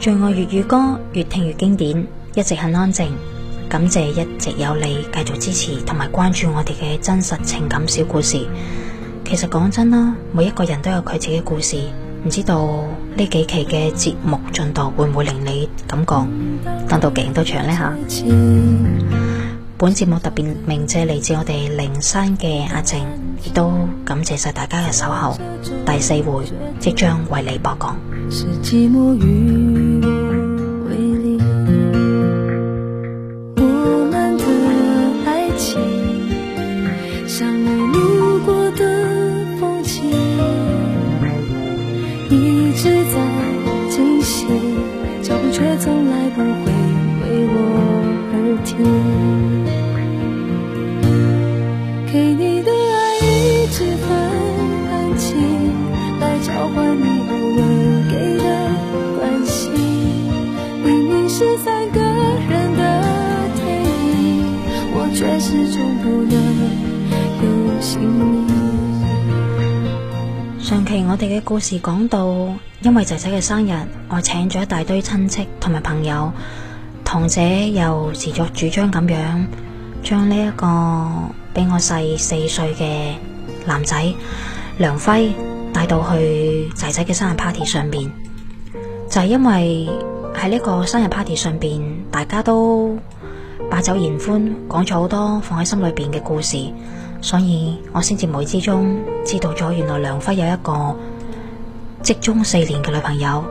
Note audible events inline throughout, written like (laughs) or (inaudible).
最愛粵語歌，越聽越經典，一直很安靜。感謝一直有你繼續支持同埋關注我哋嘅真實情感小故事。其實講真啦，每一個人都有佢自己嘅故事。唔知道呢幾期嘅節目進度會唔會令你感覺等到頸都長呢？吓，本節目特別鳴謝嚟自我哋靈山嘅阿靜，亦都感謝晒大家嘅守候。第四回即將為你播講。上期我哋嘅故事講到，因為仔仔嘅生日，我請咗一大堆親戚同埋朋友，堂姐又自作主張咁樣、這個，將呢一個比我細四歲嘅男仔梁輝，帶到去仔仔嘅生日 party 上邊，就係因為喺呢個生日 party 上邊，大家都把酒言歡，講咗好多放喺心裏邊嘅故事，所以我先至無意之中知道咗原來梁輝有一個職中四年嘅女朋友，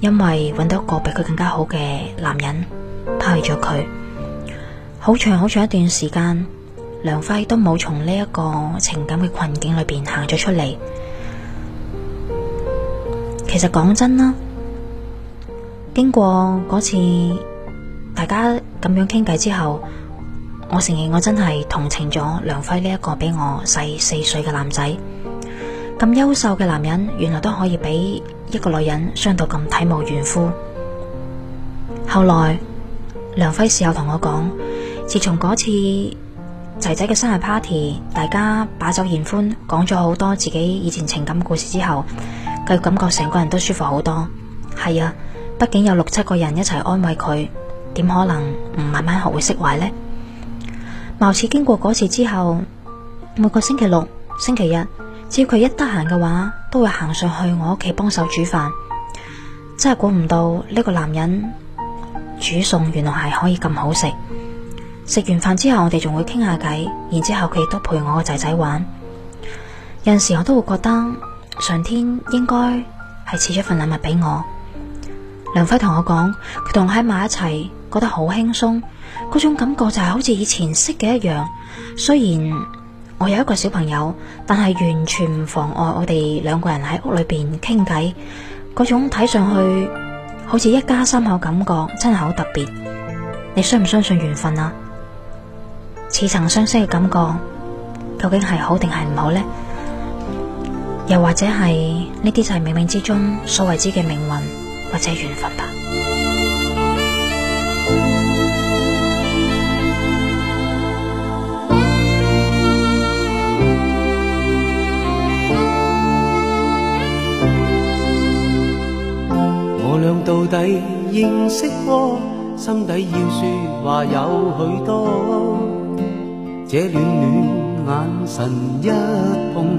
因為揾到一個比佢更加好嘅男人拋棄咗佢，好長好長一段時間，梁輝都冇從呢一個情感嘅困境裏邊行咗出嚟。其實講真啦，經過嗰次大家咁樣傾偈之後，我承認我真係同情咗梁輝呢一個比我細四歲嘅男仔。咁優秀嘅男人，原來都可以俾一個女人傷到咁體無完膚。後來梁輝事後同我講，自從嗰次仔仔嘅生日 party，大家把酒言歡，講咗好多自己以前情感故事之後。佢感覺成個人都舒服好多，係啊，畢竟有六七個人一齊安慰佢，點可能唔慢慢學會釋懷呢？貌似經過嗰次之後，每個星期六、星期日，只要佢一得閒嘅話，都會行上去我屋企幫手煮飯。真係估唔到呢個男人煮餸，原來係可以咁好食。食完飯之後，我哋仲會傾下偈，然之後佢亦都陪我個仔仔玩。有陣時我都會覺得。上天應該係賜咗份禮物俾我。梁輝同我講，佢同我喺埋一齊，覺得好輕鬆，嗰種感覺就係好似以前識嘅一樣。雖然我有一個小朋友，但係完全唔妨礙我哋兩個人喺屋裏邊傾偈。嗰種睇上去好似一家三口感覺，真係好特別。你信唔相信緣分啊？似曾相識嘅感覺，究竟係好定係唔好呢？又或者係呢啲就係冥冥之中所為之嘅命運，或者緣分吧。 (noise) (noise) 我倆到底認識過，心底要說話有許多，這暖暖眼神一碰。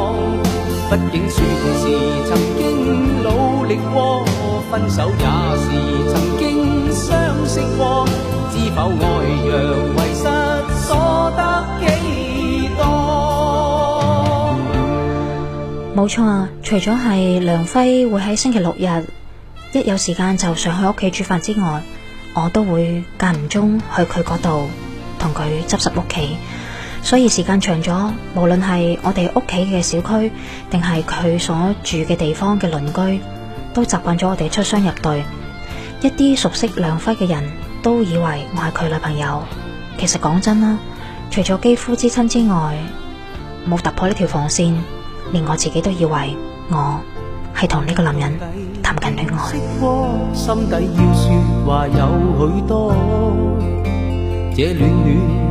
畢竟算是曾經努力過分手也是曾經相識過，知否愛讓為失所得幾多？冇錯啊，除咗係梁輝會喺星期六日一有時間就上去屋企煮飯之外，我都會間唔中去佢嗰度同佢執拾屋企。所以時間長咗，無論係我哋屋企嘅小區，定係佢所住嘅地方嘅鄰居，都習慣咗我哋出雙入對。一啲熟悉梁輝嘅人都以為我係佢女朋友。其實講真啦，除咗肌膚之親之外，冇突破呢條防線，連我自己都以為我係同呢個男人談緊戀愛。心底要說話有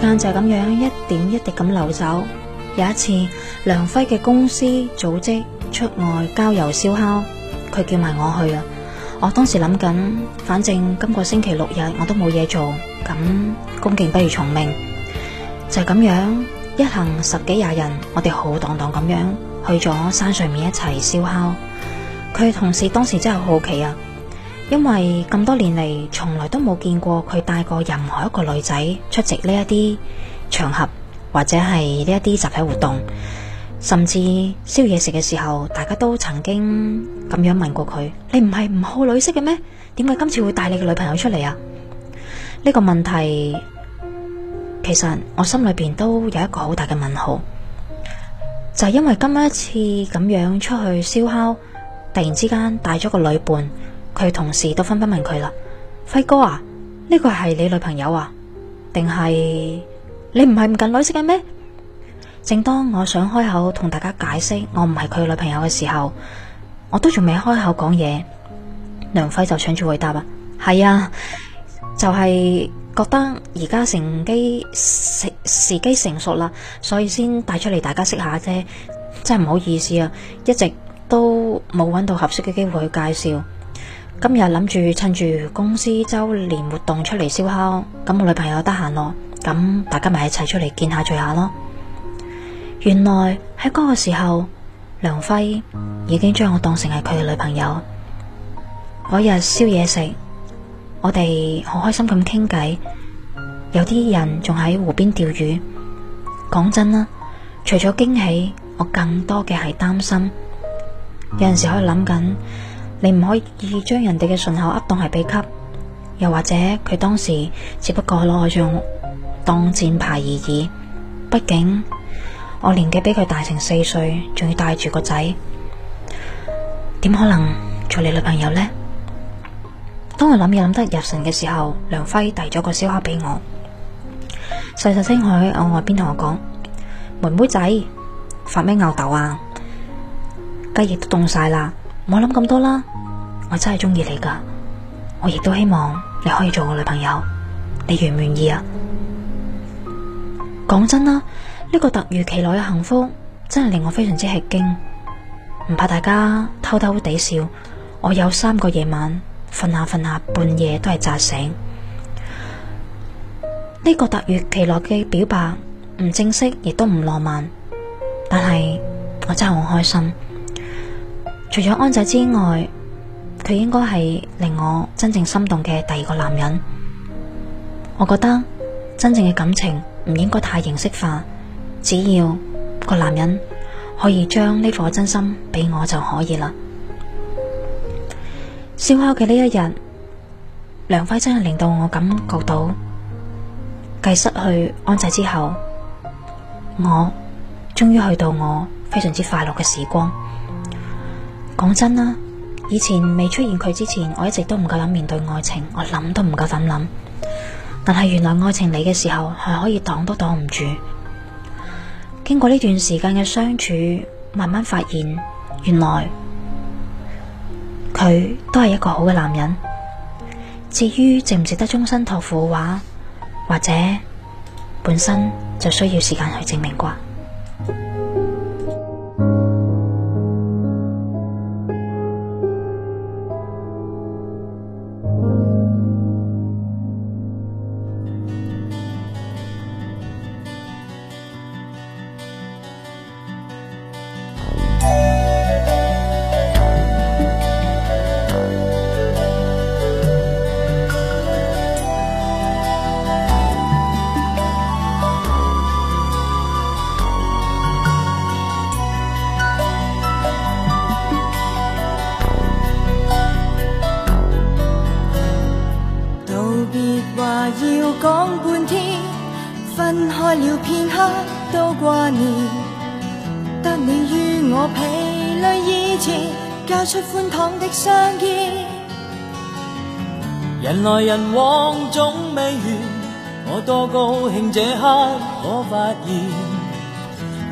時間就咁樣一點一滴咁流走。有一次，梁輝嘅公司組織出外郊遊燒烤，佢叫埋我去啊。我當時諗緊，反正今個星期六日我都冇嘢做，咁恭敬不如從命。就咁樣，一行十幾廿人，我哋好蕩蕩咁樣去咗山上面一齊燒烤。佢同事當時真係好奇啊。因為咁多年嚟，從來都冇見過佢帶過任何一個女仔出席呢一啲場合，或者係呢一啲集體活動，甚至宵夜食嘅時候，大家都曾經咁樣問過佢：你唔係唔好女色嘅咩？點解今次會帶你嘅女朋友出嚟啊？呢、這個問題其實我心裏邊都有一個好大嘅問號，就係、是、因為今一次咁樣出去燒烤，突然之間帶咗個女伴。佢同事都紛紛問佢啦，輝哥啊，呢個係你女朋友啊？定係你唔係唔近女色嘅咩？正當我想開口同大家解釋我唔係佢女朋友嘅時候，我都仲未開口講嘢，梁輝就搶住回答啊，係啊，就係覺得而家成機成時機成熟啦，所以先帶出嚟大家識下啫。真係唔好意思啊，一直都冇揾到合適嘅機會去介紹。今日諗住趁住公司周年活動出嚟燒烤，咁我女朋友得閒咯，咁大家咪一齊出嚟見下聚下咯。原來喺嗰個時候，梁輝已經將我當成係佢嘅女朋友。嗰日燒嘢食，我哋好開心咁傾偈。有啲人仲喺湖邊釣魚。講真啦，除咗驚喜，我更多嘅係擔心。有陣時可以諗緊。你唔可以將人哋嘅順口噏當係秘笈，又或者佢當時只不過攞我用當箭牌而已。畢竟我年紀比佢大成四歲，仲要帶住個仔，點可能做你女朋友呢？當我諗嘢諗得入神嘅時候，梁輝遞咗個燒烤俾我，細細聲喺我外邊同我講：妹妹仔，發咩吽哣啊？雞翼都凍晒啦！唔好諗咁多啦，我真係中意你噶，我亦都希望你可以做我女朋友，你願唔願意啊？講真啦，呢個突如其來嘅幸福真係令我非常之吃驚，唔怕大家偷偷地笑，我有三個夜晚瞓下瞓下半夜都係扎醒。呢個突如其來嘅表白唔正式亦都唔浪漫，但係我真係好開心。除咗安仔之外，佢應該係令我真正心動嘅第二個男人。我覺得真正嘅感情唔應該太形式化，只要個男人可以將呢顆真心俾我就可以啦。燒 (noise) 烤嘅呢一日，梁輝真係令到我感覺到繼失去安仔之後，我終於去到我非常之快樂嘅時光。講真啦，以前未出現佢之前，我一直都唔夠膽面對愛情，我諗都唔夠膽諗。但係原來愛情嚟嘅時候係可以擋都擋唔住。經過呢段時間嘅相處，慢慢發現原來佢都係一個好嘅男人。至於值唔值得終身託付嘅話，或者本身就需要時間去證明啩。要講半天，分開了片刻都掛念。得你與我疲累以前，交出寬敞的相見，人來人往總未完，我多高興。這刻可發現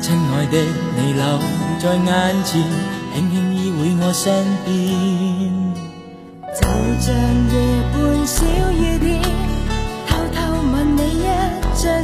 親愛的你留在眼前，輕輕依偎我身邊，就像夜半小雨。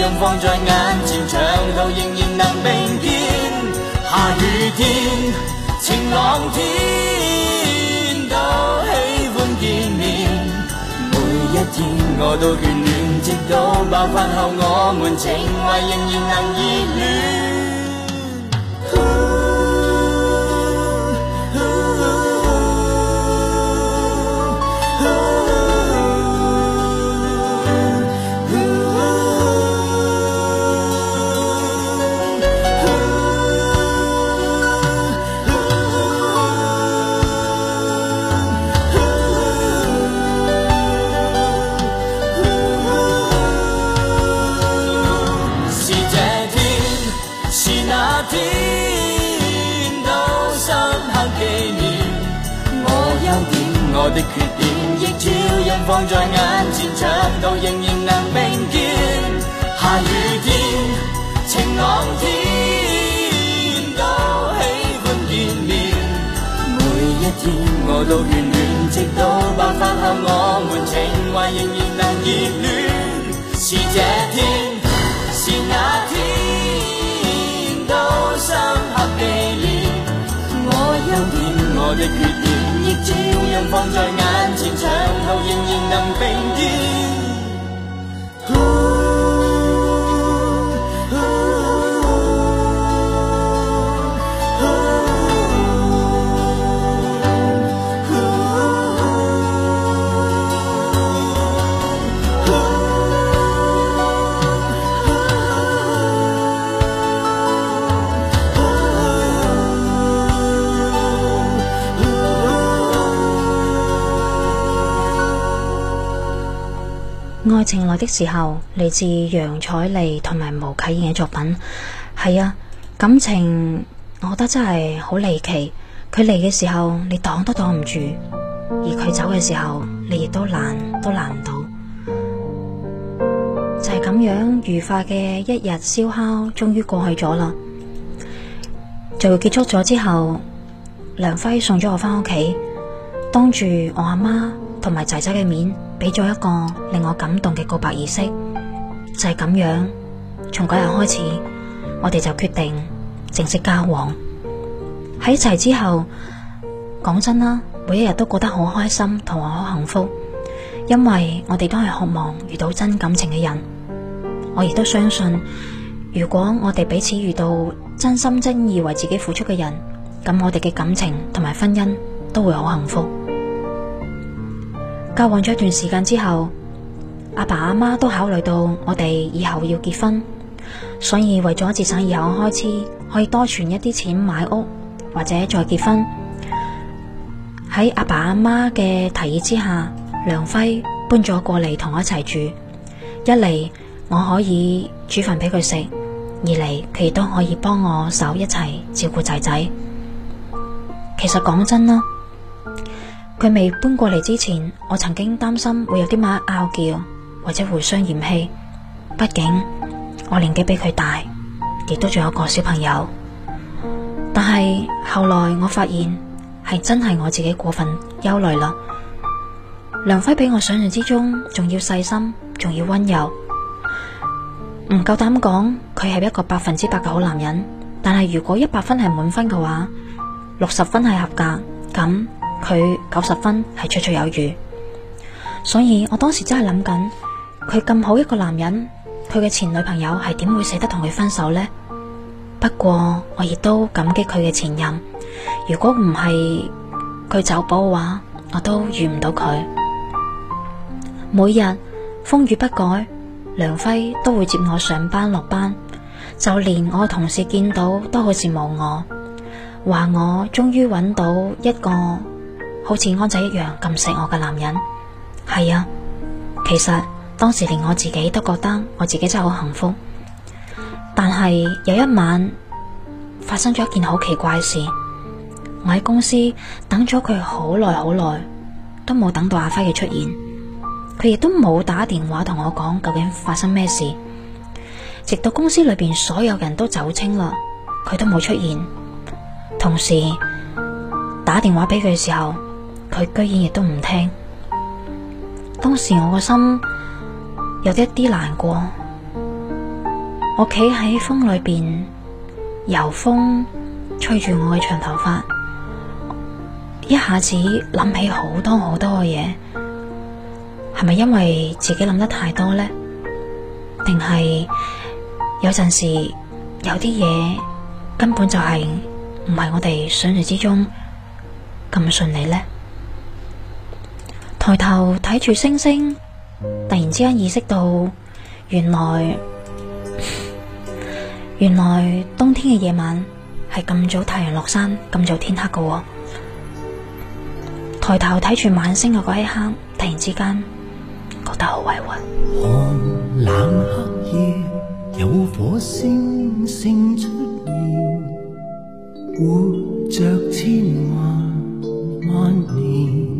容放在眼前，長路仍然能並肩。下雨天、晴朗天都喜歡見面。每一天我都眷戀，直到白髮後，我們情懷仍然能熱戀。的缺點亦照樣放在眼前，長途仍然能並肩。下雨天、晴朗天都喜歡見面。每一天我都眷戀，直到白髮後，我們情懷仍然能熱戀，是這天、 (laughs) 是那天都相。我的缺點，亦照樣放在眼前，長途仍然能並肩。愛情來的時候，嚟自楊采妮同埋毛啟賢嘅作品，係啊，感情我覺得真係好離奇。佢嚟嘅時候，你擋都擋唔住；而佢走嘅時候，你亦都攔都攔唔到。就係、是、咁樣愉快嘅一日燒烤，終於過去咗啦。聚會結束咗之後，梁輝送咗我返屋企，當住我阿媽同埋仔仔嘅面。俾咗一個令我感動嘅告白儀式，就係咁樣，從嗰日開始，我哋就決定正式交往喺一齊之後，講真啦，每一日都過得好開心同埋好幸福，因為我哋都係渴望遇到真感情嘅人，我亦都相信，如果我哋彼此遇到真心真意為自己付出嘅人，咁我哋嘅感情同埋婚姻都會好幸福。交往咗一段時間之後，阿爸阿媽都考慮到我哋以後要結婚，所以為咗節省以後開支，可以多存一啲錢買屋或者再結婚。喺阿爸阿媽嘅提議之下，梁輝搬咗過嚟同我一齊住，一嚟我可以煮飯俾佢食，二嚟佢亦都可以幫我手一齊照顧仔仔。其實講真啦。佢未搬過嚟之前，我曾經擔心會有啲乜拗撬或者互相嫌棄。畢竟我年紀比佢大，亦都仲有個小朋友。但係後來我發現係真係我自己過分憂慮啦。梁輝比我想象之中仲要細心，仲要溫柔。唔夠膽講佢係一個百分之百嘅好男人，但係如果一百分係滿分嘅話，六十分係合格咁。佢九十分係綽綽有餘，所以我當時真係諗緊，佢咁好一個男人，佢嘅前女朋友係點會捨得同佢分手呢？不過我亦都感激佢嘅前任，如果唔係佢走寶嘅話，我都遇唔到佢。每日風雨不改，梁輝都會接我上班落班，就連我同事見到都好羨慕我，話我終於搵到一個。好似安仔一樣咁錫我嘅男人，係啊。其實當時連我自己都覺得我自己真係好幸福。但係有一晚發生咗一件好奇怪嘅事，我喺公司等咗佢好耐好耐，都冇等到阿輝嘅出現，佢亦都冇打電話同我講究竟發生咩事。直到公司裏邊所有人都走清啦，佢都冇出現。同時打電話俾佢嘅時候。佢居然亦都唔聽，當時我個心有一啲難過。我企喺風裏邊，由風吹住我嘅長頭髮，一下子諗起好多好多嘅嘢。係咪因為自己諗得太多呢？定係有陣時有啲嘢根本就係唔係我哋想象之中咁順利呢？抬頭睇住星星，突然之間意識到，原來原來冬天嘅夜晚係咁早太陽落山，咁早天黑嘅。抬頭睇住晚星嘅嗰一刻，突然之間覺得好委屈。寒冷黑夜，有火星星出現，活着千萬萬年。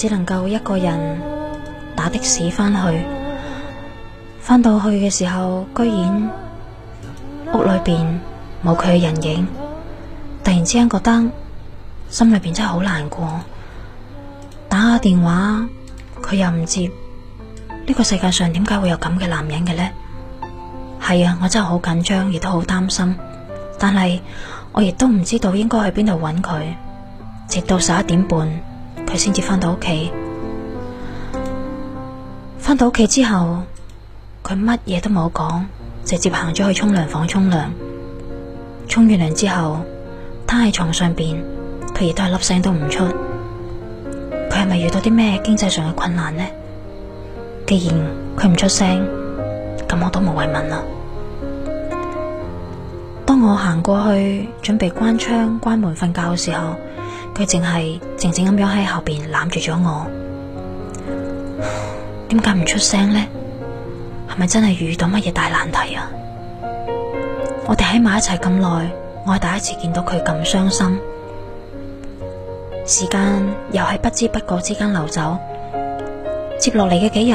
只能夠一個人打的士翻去，翻到去嘅時候，居然屋裏邊冇佢嘅人影。突然之間覺得心裏邊真係好難過。打下電話，佢又唔接。呢個世界上點解會有咁嘅男人嘅呢？係啊，我真係好緊張，亦都好擔心。但係我亦都唔知道應該去邊度揾佢。直到十一點半。佢先至返到屋企，返到屋企之後，佢乜嘢都冇講，直接行咗去沖涼房沖涼。沖完涼之後，攤喺床上邊，佢亦都係粒聲都唔出。佢係咪遇到啲咩經濟上嘅困難呢？既然佢唔出聲，咁我都無謂問啦。當我行過去準備關窗關門瞓覺嘅時候，佢淨係靜靜咁樣喺後邊攬住咗我，點解唔出聲呢？係咪真係遇到乜嘢大難題啊？我哋喺埋一齊咁耐，我係第一次見到佢咁傷心。時間又喺不知不覺之間流走，接落嚟嘅幾日，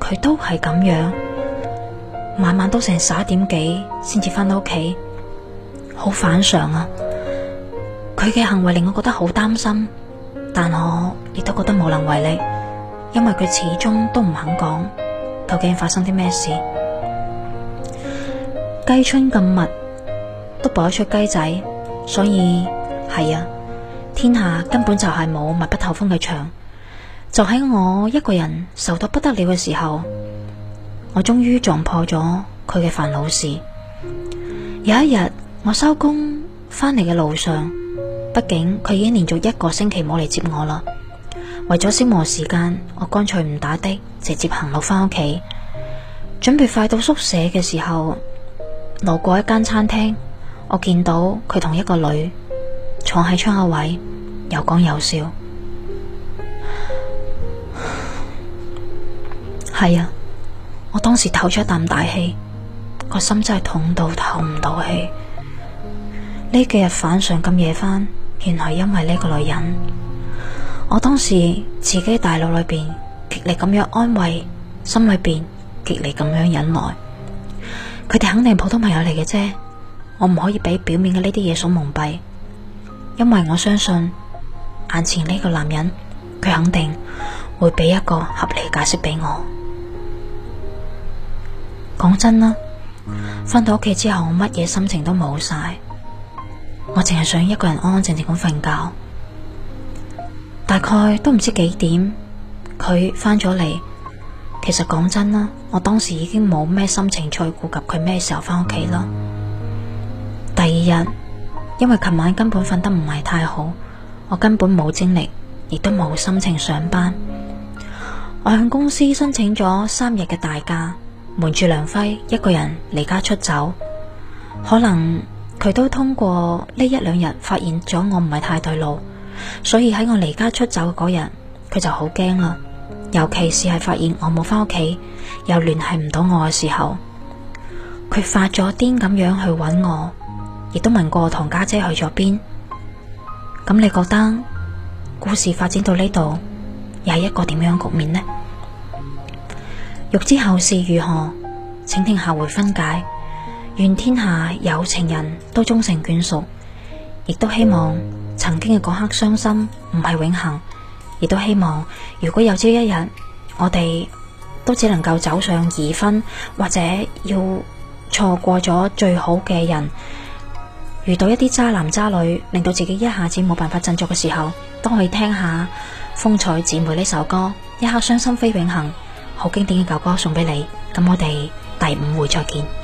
佢都係咁樣，晚晚都成十一點幾先至翻到屋企，好反常啊！佢嘅行為令我覺得好擔心，但我亦都覺得無能為力，因為佢始終都唔肯講究竟發生啲咩事。雞春咁密都爆出雞仔，所以係啊，天下根本就係冇密不透風嘅牆。就喺我一個人受到不得了嘅時候，我終於撞破咗佢嘅煩惱事。有一日，我收工翻嚟嘅路上，畢竟佢已經連續一個星期冇嚟接我啦。為咗消磨時間，我乾脆唔打的，直接行路翻屋企。準備快到宿舍嘅時候，路過一間餐廳，我見到佢同一個女坐喺窗口位，又講又笑。係 (laughs) 啊！我當時透咗一啖大氣，個心真係痛到透唔到氣。呢幾日反常咁夜返。原來因為呢個女人，我當時自己大腦裏邊極力咁樣安慰，心裏邊極力咁樣忍耐。佢哋肯定普通朋友嚟嘅啫，我唔可以俾表面嘅呢啲嘢所蒙蔽。因為我相信眼前呢個男人，佢肯定會俾一個合理解釋俾我。講真啦，返到屋企之後，我乜嘢心情都冇晒。我淨係想一個人安安靜靜咁瞓覺，大概都唔知幾點佢翻咗嚟。其實講真啦，我當時已經冇咩心情再顧及佢咩時候翻屋企啦。第二日，因為琴晚根本瞓得唔係太好，我根本冇精力，亦都冇心情上班。我向公司申請咗三日嘅大假，瞞住梁輝，一個人離家出走，可能。佢都通過呢一兩日發現咗我唔係太對路，所以喺我離家出走嗰日，佢就好驚啦。尤其是係發現我冇返屋企，又聯繫唔到我嘅時候，佢發咗癲咁樣去揾我，亦都問過我同家姐，姐去咗邊。咁你覺得故事發展到呢度，又係一個點樣局面呢？欲知後事如何，請聽下回分解。願天下有情人都終成眷屬，亦都希望曾經嘅嗰刻傷心唔係永恒，亦都希望如果有朝一日我哋都只能夠走上二婚，或者要錯過咗最好嘅人，遇到一啲渣男渣女，令到自己一下子冇辦法振作嘅時候，都可以聽下《風采姊妹》呢首歌，一刻傷心非永恒，好經典嘅舊歌送俾你。咁我哋第五回再見。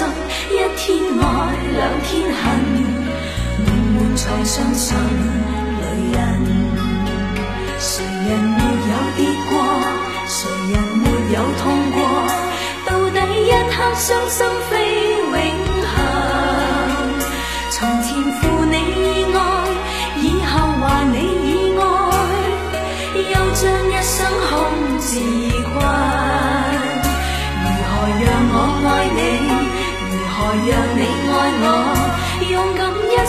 一天愛，兩天恨，慢慢才相信女人。誰人沒有跌過？誰人沒有痛過？到底一刻傷心非永。